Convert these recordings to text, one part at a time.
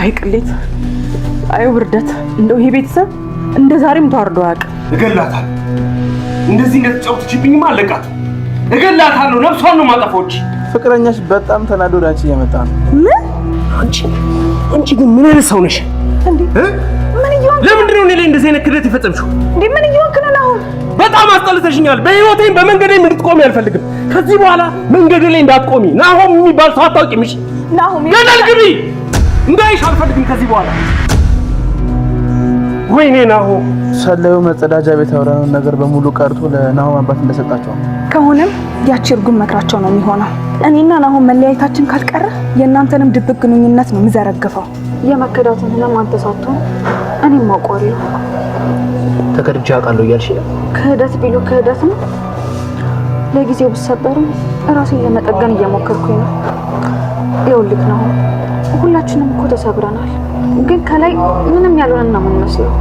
አይ ቅሌት፣ አይ ውርደት! እንደው ይሄ ቤተሰብ እንደ ዛሬም ተዋርዶ አያውቅም። እገላታል። እንደዚህ እንደተጫወተችብኝማ አለቃት። እገላታለሁ። ነፍሷን ነው ማጠፎች። ፍቅረኛሽ በጣም ተናዶ ወደ አንቺ እየመጣ ነው። ምን? አንቺ አንቺ ግን ምን አይነት ሰው ነሽ? እንዴ ምን ይሆን? ለምንድን ነው እኔ ላይ እንደዚህ አይነት ክደት የፈጸምሽው? እንዴ ምን ይሆን ከነና በጣም አስጠልተሽኛል። በህይወቴም በመንገዴም እንድትቆሚ አልፈልግም። ከዚህ በኋላ መንገዴ ላይ እንዳትቆሚ ናሆም የሚባል ሰው አታውቂም። እሺ ናሆም ገደል ግቢ እንዳይሽ አልፈልግም ከዚህ በኋላ። ወይኔ ናሆ ሰለዩ መጸዳጃ ቤት ያወራነውን ነገር በሙሉ ቀርቶ ለናሆም አባት እንደሰጣቸው ከሆነም ያቺ እርጉም መክራቸው ነው የሚሆነው። እኔና ናሆም መለያየታችን ካልቀረ የእናንተንም ድብቅ ግንኙነት ነው የምዘረግፈው። የመከዳትን ህመም አንተ ሳትሆን እኔም አውቀዋለሁ። ተከድጄ አውቃለሁ እያልሽ ክህደት ቢሉ ክህደት ነው። ለጊዜው ብሰበርም እራሴን ለመጠገን እየሞከርኩኝ ነው። ይኸውልህ ናሆም ሁላችንም እኮ ተሰብረናል፣ ግን ከላይ ምንም ያልሆነን ነው የምንመስለው።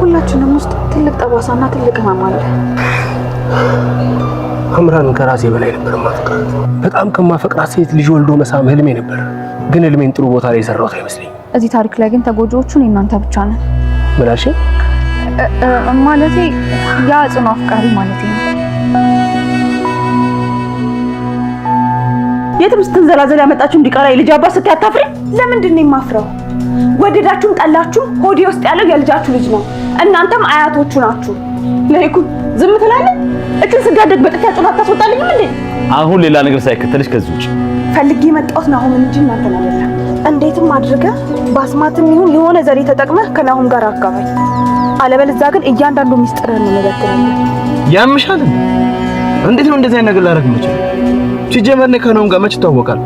ሁላችንም ውስጥ ትልቅ ጠባሳና ትልቅ ህመም አለ። አምራንን ከራሴ በላይ ነበር ማፍቀራት። በጣም ከማፈቅራት ሴት ልጅ ወልዶ መሳም ህልሜ ነበር፣ ግን ህልሜን ጥሩ ቦታ ላይ የሰራሁት አይመስለኝም። እዚህ ታሪክ ላይ ግን ተጎጆዎቹን እናንተ ብቻ ነን። ምላሽ ማለቴ ያ ጽኑ አፍቃሪ ማለቴ ነው የትም ስትንዘላዘል ያመጣችሁ እንዲቀራ የልጅ አባት ስታይ አታፍሪ? ለምንድን ነው የማፍረው? ወደዳችሁም ጠላችሁ ሆዴ ውስጥ ያለው የልጃችሁ ልጅ ነው። እናንተም አያቶቹ ናችሁ። ለይኩ ዝም ትላለህ? እችን ስጋደግ በጥፊ ያጮህ አታስወጣልኝም እንዴ? አሁን ሌላ ነገር ሳይከተልሽ ከዚህ ውጭ ፈልጌ የመጣሁት ናሁን እንጂ እናንተን አይደለም። እንዴትም አድርገህ ባስማትም ይሁን የሆነ ዘዴ ተጠቅመህ ከናሁን ጋር አጋባኝ። አለበለዚያ ግን እያንዳንዱ ሚስጥርህን ነው መበትናለን። ያምሻል። እንዴት ነው እንደዚህ አይነት ነገር ላደርግ የምችለው? ሲጀመር እኔ ከነውም ጋር መች ይታወቃል።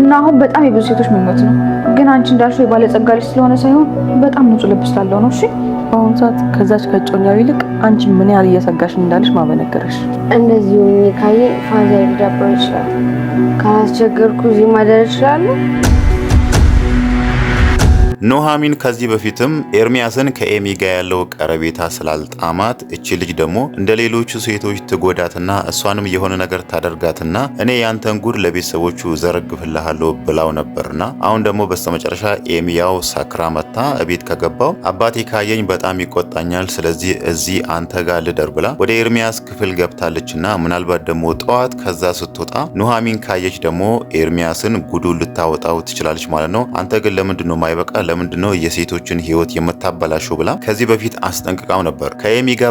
እና አሁን በጣም የብዙ ሴቶች ምኞት ነው። ግን አንቺ እንዳልሽው የባለጸጋ ልጅ ስለሆነ ሳይሆን በጣም ንጹህ ልብ ስላለው ነው። እሺ በአሁኑ ሰዓት ከዛች ከጮኛው ይልቅ አንቺ ምን ያህል እየሰጋሽ እንዳለሽ ማበነገረሽ። እንደዚህ ሆኜ ካየ ፋዘር ሊዳብረው ይችላል። ካላስቸገርኩ እዚህ ማደር እችላለሁ። ኖሃሚን ከዚህ በፊትም ኤርሚያስን ከኤሚ ጋር ያለው ቀረቤታ ስላልጣማት እቺ ልጅ ደግሞ እንደ ሌሎቹ ሴቶች ትጎዳትና እሷንም የሆነ ነገር ታደርጋትና እኔ ያንተን ጉድ ለቤተሰቦቹ ዘረግፍልሃለሁ ብላው ነበርና አሁን ደግሞ በስተመጨረሻ ኤሚ ያው ሰክራ መታ እቤት ከገባው አባቴ ካየኝ በጣም ይቆጣኛል፣ ስለዚህ እዚህ አንተ ጋር ልደር ብላ ወደ ኤርሚያስ ክፍል ገብታለችና ምናልባት ደግሞ ጠዋት ከዛ ስትወጣ ኖሃሚን ካየች ደግሞ ኤርሚያስን ጉዱ ልታወጣው ትችላለች ማለት ነው። አንተ ግን ለምንድን ነው ማይበቃ ለምንድነው የሴቶችን ህይወት የምታበላሸው ብላ ከዚህ በፊት አስጠንቅቃው ነበር። ከኤሚ ጋር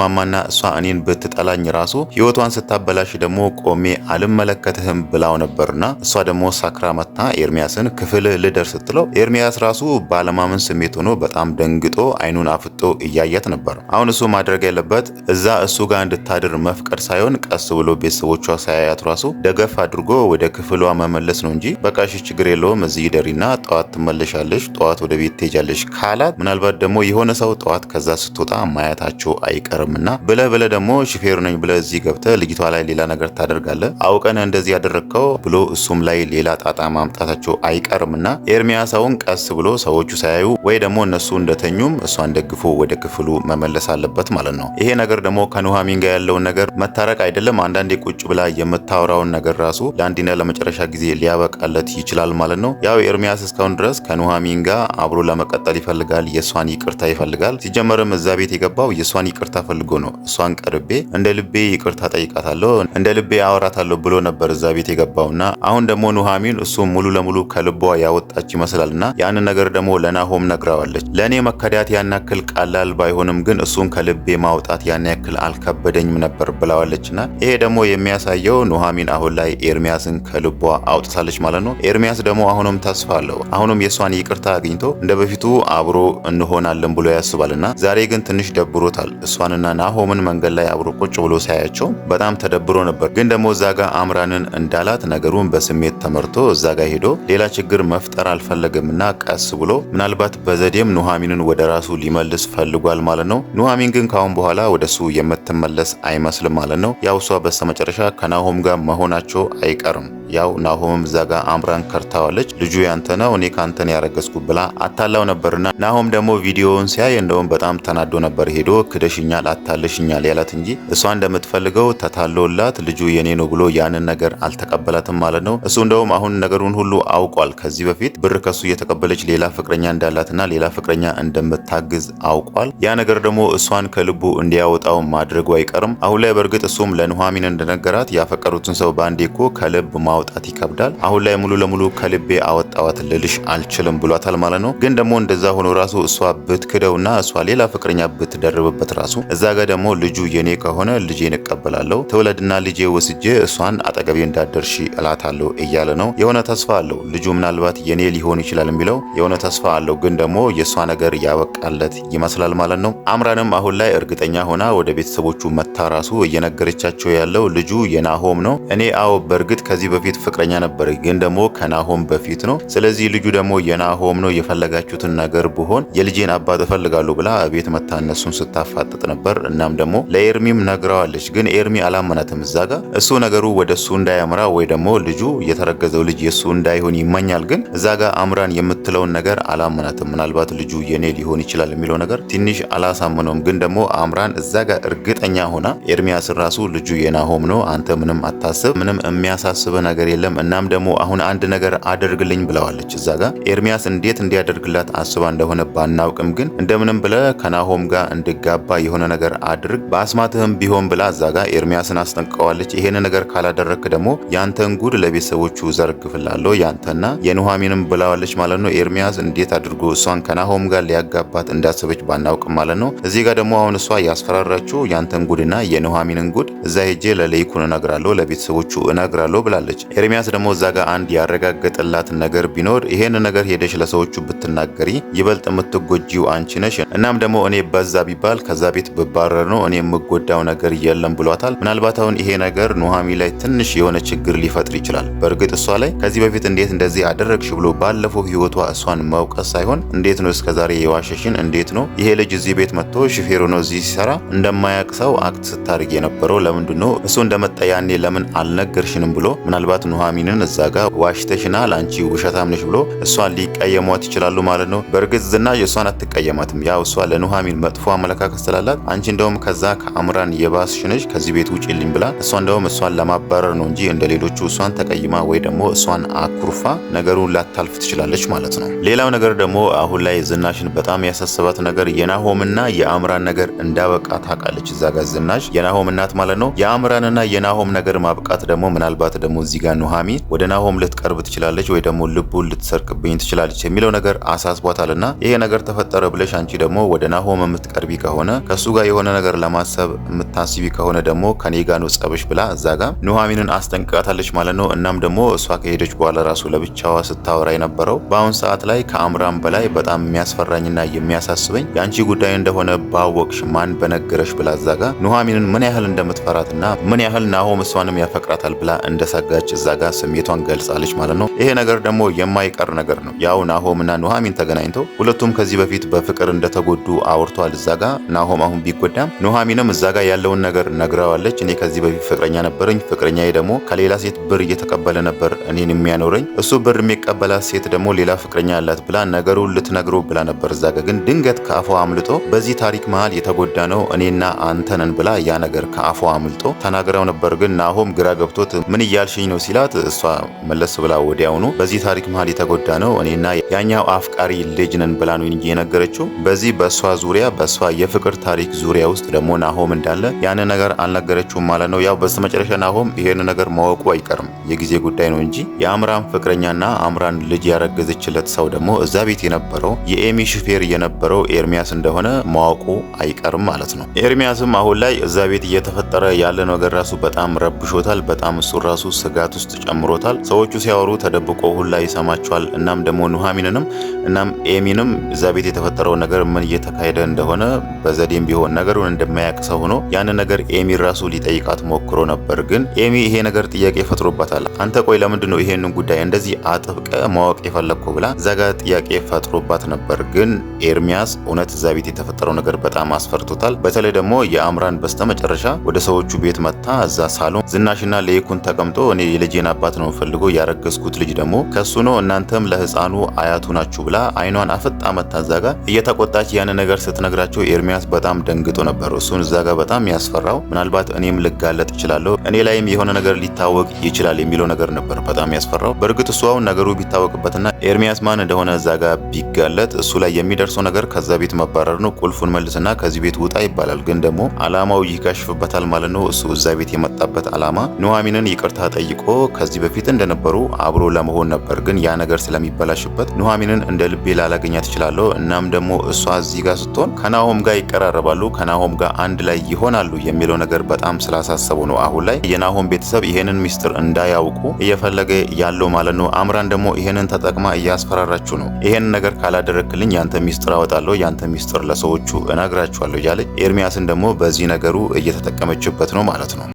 ማማና እሷ እኔን ብትጠላኝ ራሱ ህይወቷን ስታበላሽ ደግሞ ቆሜ አልመለከትህም ብላው ነበርና እሷ ደግሞ ሳክራ መታ ኤርሚያስን ክፍል ልደር ስትለው ኤርሚያስ ራሱ ባለማመን ስሜት ሆኖ በጣም ደንግጦ አይኑን አፍጦ እያያት ነበር። አሁን እሱ ማድረግ ያለበት እዛ እሱ ጋር እንድታድር መፍቀድ ሳይሆን ቀስ ብሎ ቤተሰቦቿ ሳያያት ራሱ ደገፍ አድርጎ ወደ ክፍሏ መመለስ ነው እንጂ በቃሽ ችግር የለውም እዚህ ደሪና ጠዋት ትመለሻለሽ ጠዋት ወደ ቤት ትሄጃለሽ ካላት ምናልባት ደግሞ የሆነ ሰው ጠዋት ከዛ ስትወጣ ማየታቸው አይቀርምና ብለ ብለ ደግሞ ሹፌር ነኝ ብለ እዚህ ገብተ ልጅቷ ላይ ሌላ ነገር ታደርጋለ አውቀን እንደዚህ ያደረግከው ብሎ እሱም ላይ ሌላ ጣጣ ማምጣታቸው አይቀርምና ኤርሚያሳውን ቀስ ብሎ ሰዎቹ ሳያዩ ወይ ደግሞ እነሱ እንደተኙም እሷን ደግፎ ወደ ክፍሉ መመለስ አለበት ማለት ነው። ይሄ ነገር ደግሞ ከኑሐሚን ጋር ያለውን ነገር መታረቅ አይደለም አንዳንዴ ቁጭ ብላ የምታወራውን ነገር ራሱ ለአንዴና ለመጨረሻ ጊዜ ሊያበቃለት ይችላል ማለት ነው። ያው ኤርሚያስ እስካሁን ድረስ ከኑሐሚን ጋር ጋር አብሮ ለመቀጠል ይፈልጋል። የእሷን ይቅርታ ይፈልጋል። ሲጀመርም እዛ ቤት የገባው የእሷን ይቅርታ ፈልጎ ነው። እሷን ቀርቤ እንደ ልቤ ይቅርታ ጠይቃታለሁ፣ እንደ ልቤ አወራታለሁ ብሎ ነበር እዛ ቤት የገባውና አሁን ደግሞ ኑሐሚን እሱ ሙሉ ለሙሉ ከልቧ ያወጣች ይመስላልና ያንን ነገር ደግሞ ለናሆም ነግራዋለች። ለእኔ መከዳት ያን ያክል ቀላል ባይሆንም ግን እሱን ከልቤ ማውጣት ያን ያክል አልከበደኝም ነበር ብላዋለችና ይሄ ደግሞ የሚያሳየው ኑሐሚን አሁን ላይ ኤርሚያስን ከልቧ አውጥታለች ማለት ነው። ኤርሚያስ ደግሞ አሁንም ተስፋ አለው። አሁንም የእሷን ይቅርታ አግኝቶ እንደ በፊቱ አብሮ እንሆናለን ብሎ ያስባልና ዛሬ ግን ትንሽ ደብሮታል። እሷንና ናሆምን መንገድ ላይ አብሮ ቁጭ ብሎ ሳያቸው በጣም ተደብሮ ነበር። ግን ደግሞ እዛ ጋ አምራንን እንዳላት ነገሩን በስሜት ተመርቶ እዛ ጋ ሄዶ ሌላ ችግር መፍጠር አልፈለገምና ቀስ ብሎ ምናልባት በዘዴም ኑሐሚንን ወደ ራሱ ሊመልስ ፈልጓል ማለት ነው። ኑሐሚን ግን ካሁን በኋላ ወደሱ የምትመለስ አይመስልም ማለት ነው። ያው እሷ በስተመጨረሻ ከናሆም ጋር መሆናቸው አይቀርም። ያው ናሆምም እዛ ጋር አምራን ከርታዋለች። ልጁ ያንተ ነው እኔ ካንተን ያረገዝኩ ብላ አታላው ነበርና ናሆም ደግሞ ቪዲዮውን ሲያይ እንደውም በጣም ተናዶ ነበር። ሄዶ ክደሽኛል፣ አታለሽኛል ያላት እንጂ እሷ እንደምትፈልገው ተታሎላት ልጁ የኔ ነው ብሎ ያንን ነገር አልተቀበላትም ማለት ነው። እሱ እንደውም አሁን ነገሩን ሁሉ አውቋል። ከዚህ በፊት ብር ከሱ እየተቀበለች ሌላ ፍቅረኛ እንዳላትና ሌላ ፍቅረኛ እንደምታግዝ አውቋል። ያ ነገር ደግሞ እሷን ከልቡ እንዲያወጣው ማድረጉ አይቀርም። አሁን ላይ በእርግጥ እሱም ለኑሐሚን እንደነገራት ያፈቀሩትን ሰው ባንዴ እኮ ከልብ ማውጣት ማውጣት ይከብዳል። አሁን ላይ ሙሉ ለሙሉ ከልቤ አወጣዋት ልልሽ አልችልም ብሏታል ማለት ነው። ግን ደግሞ እንደዛ ሆኖ ራሱ እሷ ብትክደውና እሷ ሌላ ፍቅረኛ ብትደርብበት ራሱ እዛ ጋር ደግሞ ልጁ የኔ ከሆነ ልጄን እቀበላለሁ ትውለድና ልጄ ወስጄ እሷን አጠገቤ እንዳደርሺ እላታለሁ እያለ ነው። የሆነ ተስፋ አለው ልጁ ምናልባት የኔ ሊሆን ይችላል የሚለው የሆነ ተስፋ አለው። ግን ደግሞ የእሷ ነገር ያበቃለት ይመስላል ማለት ነው። አምራንም አሁን ላይ እርግጠኛ ሆና ወደ ቤተሰቦቹ መታ ራሱ እየነገረቻቸው ያለው ልጁ የናሆም ነው። እኔ አዎ በእርግጥ ከዚህ በፊት በፊት ፍቅረኛ ነበር፣ ግን ደግሞ ከናሆም በፊት ነው። ስለዚህ ልጁ ደግሞ የናሆም ነው። የፈለጋችሁትን ነገር ብሆን የልጄን አባት እፈልጋለሁ ብላ ቤት መታ እነሱን ስታፋጥጥ ነበር። እናም ደግሞ ለኤርሚም ነግረዋለች፣ ግን ኤርሚ አላመናትም። እዛ ጋ እሱ ነገሩ ወደ እሱ እንዳያምራ ወይ ደግሞ ልጁ የተረገዘው ልጅ የእሱ እንዳይሆን ይመኛል። ግን እዛ ጋ አምራን የምትለውን ነገር አላመናትም። ምናልባት ልጁ የኔ ሊሆን ይችላል የሚለው ነገር ትንሽ አላሳምነውም። ግን ደግሞ አምራን እዛ ጋ እርግጠኛ ሆና ኤርሚያስን ራሱ ልጁ የናሆም ነው አንተ ምንም አታስብ፣ ምንም የሚያሳስበ ነገር የለም። እናም ደግሞ አሁን አንድ ነገር አደርግልኝ ብለዋለች። እዛ ጋ ኤርሚያስ እንዴት እንዲያደርግላት አስባ እንደሆነ ባናውቅም ግን እንደምንም ብለ ከናሆም ጋር እንድጋባ የሆነ ነገር አድርግ በአስማትህም ቢሆን ብላ እዛ ጋ ኤርሚያስን አስጠንቅቀዋለች። ይሄን ነገር ካላደረግክ ደግሞ ያንተን ጉድ ለቤተሰቦቹ ዘርግፍላለሁ ያንተና የኑሐሚንም ብለዋለች ማለት ነው። ኤርሚያስ እንዴት አድርጎ እሷን ከናሆም ጋር ሊያጋባት እንዳሰበች ባናውቅም ማለት ነው። እዚህ ጋር ደግሞ አሁን እሷ ያስፈራራችው ያንተን ጉድና የኑሐሚንን ጉድ እዛ ሄጄ ለሌይኩን እነግራለሁ፣ ለቤተሰቦቹ እነግራለሁ ብላለች። ኤርሚያስ ደግሞ እዛ ጋር አንድ ያረጋገጠላት ነገር ቢኖር ይሄን ነገር ሄደሽ ለሰዎቹ ብትናገሪ ይበልጥ የምትጎጂው አንቺ ነሽ፣ እናም ደግሞ እኔ በዛ ቢባል ከዛ ቤት ብባረር ነው እኔ የምጎዳው ነገር የለም ብሏታል። ምናልባት አሁን ይሄ ነገር ኑሃሚ ላይ ትንሽ የሆነ ችግር ሊፈጥር ይችላል። በእርግጥ እሷ ላይ ከዚህ በፊት እንዴት እንደዚህ አደረግሽ ብሎ ባለፈው ህይወቷ እሷን መውቀስ ሳይሆን እንዴት ነው እስከዛሬ የዋሸሽን፣ እንዴት ነው ይሄ ልጅ እዚህ ቤት መጥቶ ሹፌር ሆኖ እዚህ ሲሰራ እንደማያቅ ሰው አክት ስታደርግ የነበረው ለምንድን ነው እሱ እንደመጣ ያኔ ለምን አልነገርሽንም ብሎ ምናልባት ምናልባት ኑሐሚንን እዛ ጋር ዋሽተሽና ለአንቺ ውሸታም ነሽ ብሎ እሷን ሊቀየሟት ይችላሉ ማለት ነው። በእርግጥ ዝናሽ እሷን አትቀየማትም። ያው እሷ ለኑሐሚን መጥፎ አመለካከት ስላላት አንቺ እንደውም ከዛ ከአምራን የባስሽ ነሽ ከዚህ ቤት ልኝ ብላ እሷ እንደውም እሷን ለማባረር ነው እንጂ እንደ ሌሎቹ እሷን ተቀይማ ወይ ደግሞ እሷን አኩርፋ ነገሩን ላታልፍ ትችላለች ማለት ነው። ሌላው ነገር ደግሞ አሁን ላይ ዝናሽን በጣም ያሳስባት ነገር የናሆምና የአምራን ነገር እንዳበቃ ታውቃለች። እዛ ጋ ዝናሽ የናሆም እናት ማለት ነው። የአምራንና የናሆም ነገር ማብቃት ደግሞ ምናልባት ደግሞ እዚ ጋር ኑሐሚን ወደ ናሆም ልትቀርብ ትችላለች ወይ ደግሞ ልቡን ልትሰርቅብኝ ትችላለች የሚለው ነገር አሳስቧታልና ይሄ ነገር ተፈጠረ ብለሽ አንቺ ደግሞ ወደ ናሆም የምትቀርቢ ከሆነ ከእሱ ጋር የሆነ ነገር ለማሰብ የምታስቢ ከሆነ ደግሞ ከኔ ጋር ነው ጸብሽ ብላ እዛ ጋ ኑሐሚንን አስጠንቅቃታለች ማለት ነው። እናም ደግሞ እሷ ከሄደች በኋላ ራሱ ለብቻዋ ስታወራ የነበረው በአሁን ሰዓት ላይ ከአምራም በላይ በጣም የሚያስፈራኝና የሚያሳስበኝ የአንቺ ጉዳይ እንደሆነ ባወቅሽ ማን በነገረሽ ብላ እዛ ጋ ኑሐሚንን ምን ያህል እንደምትፈራትና ምን ያህል ናሆም እሷንም ያፈቅራታል ብላ እንደሰጋች እዛ ጋር ስሜቷን ገልጻለች ማለት ነው። ይሄ ነገር ደግሞ የማይቀር ነገር ነው። ያው ናሆምና ኑሐሚን ተገናኝተው ሁለቱም ከዚህ በፊት በፍቅር እንደተጎዱ አውርቷል። እዛ ጋ ናሆም አሁን ቢጎዳም ኑሐሚንም እዛ ጋ ያለውን ነገር ነግረዋለች። እኔ ከዚህ በፊት ፍቅረኛ ነበረኝ፣ ፍቅረኛዬ ደግሞ ከሌላ ሴት ብር እየተቀበለ ነበር እኔን የሚያኖረኝ እሱ ብር የሚቀበላት ሴት ደግሞ ሌላ ፍቅረኛ ያላት ብላ ነገሩን ልትነግሮ ብላ ነበር። እዛ ጋ ግን ድንገት ከአፏ አምልጦ በዚህ ታሪክ መሃል የተጎዳ ነው እኔና አንተንን ብላ ያ ነገር ከአፏ አምልጦ ተናግረው ነበር። ግን ናሆም ግራ ገብቶት ምን እያልሽኝ ነው ሲላት እሷ መለስ ብላ ወዲያውኑ በዚህ ታሪክ መሀል የተጎዳ ነው እኔና ያኛው አፍቃሪ ልጅ ነን ብላ ነው እንጂ የነገረችው። በዚህ በእሷ ዙሪያ በእሷ የፍቅር ታሪክ ዙሪያ ውስጥ ደግሞ ናሆም እንዳለ ያን ነገር አልነገረችውም ማለት ነው። ያው በስተመጨረሻ ናሆም ይሄን ነገር ማወቁ አይቀርም የጊዜ ጉዳይ ነው እንጂ የአምራን ፍቅረኛና አምራን ልጅ ያረገዘችለት ሰው ደግሞ እዛ ቤት የነበረው የኤሚ ሹፌር የነበረው ኤርሚያስ እንደሆነ ማወቁ አይቀርም ማለት ነው። ኤርሚያስም አሁን ላይ እዛ ቤት እየተፈጠረ ያለ ነገር ራሱ በጣም ረብሾታል። በጣም እሱ ራሱ ስጋት ጭንቅላት ውስጥ ጨምሮታል። ሰዎቹ ሲያወሩ ተደብቆ ሁላ ይሰማቸዋል። እናም ደግሞ ኑሐሚንንም እናም ኤሚንም እዛ ቤት የተፈጠረው ነገር ምን እየተካሄደ እንደሆነ በዘዴም ቢሆን ነገሩን እንደማያቅ ሰው ሆኖ ያንን ነገር ኤሚ ራሱ ሊጠይቃት ሞክሮ ነበር። ግን ኤሚ ይሄ ነገር ጥያቄ ፈጥሮባታል። አንተ ቆይ ለምንድን ነው ይሄንን ጉዳይ እንደዚህ አጥብቀ ማወቅ የፈለግኩ ብላ እዛ ጋር ጥያቄ ፈጥሮባት ነበር። ግን ኤርሚያስ እውነት እዛ ቤት የተፈጠረው ነገር በጣም አስፈርቶታል። በተለይ ደግሞ የአምራን በስተመጨረሻ ወደ ሰዎቹ ቤት መታ እዛ ሳሎን ዝናሽና ለይኩን ተቀምጦ እኔ የልጄን አባት ነው ፈልጎ ያረገዝኩት ልጅ ደግሞ ከሱ ነው እናንተም ለህፃኑ አያቱ ናችሁ ብላ አይኗን አፍጣ መታዛጋ እየተቆጣች ያን ነገር ስትነግራቸው ኤርሚያስ በጣም ደንግጦ ነበር። እሱን እዛ ጋር በጣም ያስፈራው ምናልባት እኔም ልጋለጥ እችላለሁ፣ እኔ ላይም የሆነ ነገር ሊታወቅ ይችላል የሚለው ነገር ነበር በጣም ያስፈራው። በእርግጥ እሱ አሁን ነገሩ ቢታወቅበትና ኤርሚያስ ማን እንደሆነ እዛ ጋር ቢጋለጥ እሱ ላይ የሚደርሰው ነገር ከዛ ቤት መባረር ነው። ቁልፉን መልስና ከዚህ ቤት ውጣ ይባላል። ግን ደግሞ አላማው ይጋሽፍበታል ማለት ነው። እሱ እዛ ቤት የመጣበት አላማ ኑሐሚንን ይቅርታ ጠይቆ ከዚህ በፊት እንደነበሩ አብሮ ለመሆን ነበር። ግን ያ ነገር ስለሚበላሽበት ኑሐሚንን እንደ ልቤ ላላገኛት እችላለሁ። እናም ደግሞ እሷ እዚህ ጋር ስትሆን ከናሆም ጋር ይቀራረባሉ፣ ከናሆም ጋር አንድ ላይ ይሆናሉ የሚለው ነገር በጣም ስላሳሰቡ ነው። አሁን ላይ የናሆም ቤተሰብ ይሄንን ሚስጥር እንዳያውቁ እየፈለገ ያለው ማለት ነው። አምራን ደግሞ ይሄንን ተጠቅማ እያስፈራራችሁ ነው። ይሄን ነገር ካላደረክልኝ ያንተ ሚስጥር አወጣለሁ፣ ያንተ ሚስጥር ለሰዎቹ እነግራችኋለሁ እያለች ኤርሚያስን ደግሞ በዚህ ነገሩ እየተጠቀመችበት ነው ማለት ነው።